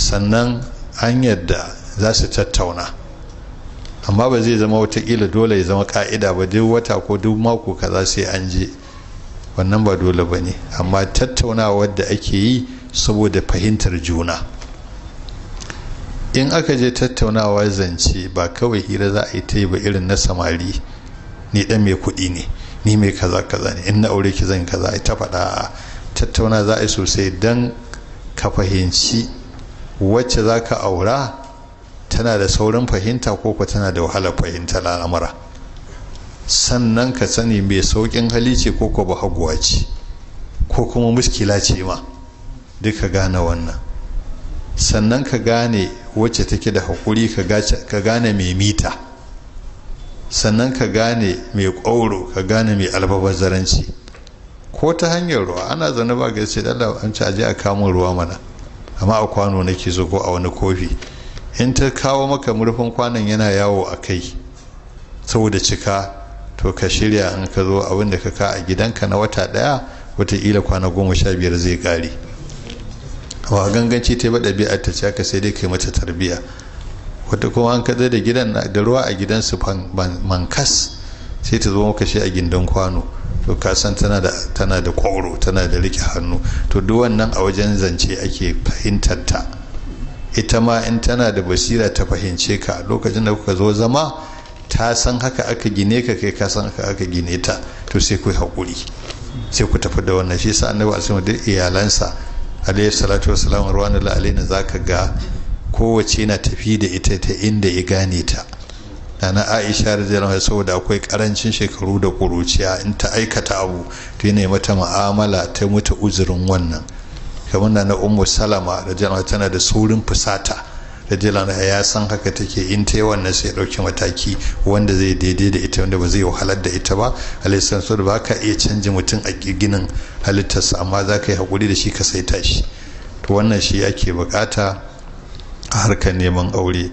sannan hanyar da za su tattauna amma ba zai zama watakila dole ya zama ka'ida ba duk wata ko duk mako kaza sai an je wannan ba dole ba ne amma tattaunawa da ake yi saboda fahimtar juna in aka je tattaunawa zance ba kawai hira za a yi ta yi ba irin na samari ni dan mai kuɗi ne ni mai kaza kaza ne in na aure ki zan kaza ta faɗa tattauna za a yi sosai don ka fahimci wacce za ka aura tana da saurin fahimta ko ko tana da wahalar fahimta al'amura sannan ka sani mai saukin hali ce ko ko haguwa ce ko kuma muskila ce ma duka gane wannan sannan ka gane wacce take da haƙuri ka gane mai mita sannan ka gane mai ƙwauro ka gane mai zaranci ko ta hanyar ruwa ana zane ba gaishe dala an ci aje a kamun ruwa mana amma a kwano nake zugo a wani kofi in ta kawo maka murfin kwanon yana yawo a kai saboda cika to ka shirya in ka zo abin da ka ka a gidanka na wata daya wataƙila kwana goma sha biyar zai ƙare a ganganci ta yi biya ta ce aka sai dai ka kai mata tarbiyya wata kuma an kaza da gidan da ruwa a gidan su mankas sai ta zo maka shi a gindan kwano to ka san tana da tana tana da rike hannu to duk wannan a wajen zance ake fahimtar ta ita ma in tana da basira ta fahimce ka lokacin da kuka zo zama ta san haka aka gine ka kai ka san haka aka gine ta to sai ku haƙuri sai ku tafi da wannan shi sa annabi alaihi duk iyalansa alaihi salatu wassalam ruwanullahi za zaka ga kowace na tafi da ita ta inda ya gane ta nana aisha da anha saboda akwai karancin shekaru da kuruciya in ta aikata abu to yana mata ma'amala ta mutu uzurin wannan kamar na umu salama radiyallahu tana da saurin fusata da anha ya san haka take in ta yi wannan sai dauki mataki wanda zai daidai da ita wanda ba zai wahalar da ita ba alisan sun ba ka iya canji mutum a ginin halittarsa amma za ka yi hakuri da shi ka sai tashi to wannan shi ake bukata a harkar neman aure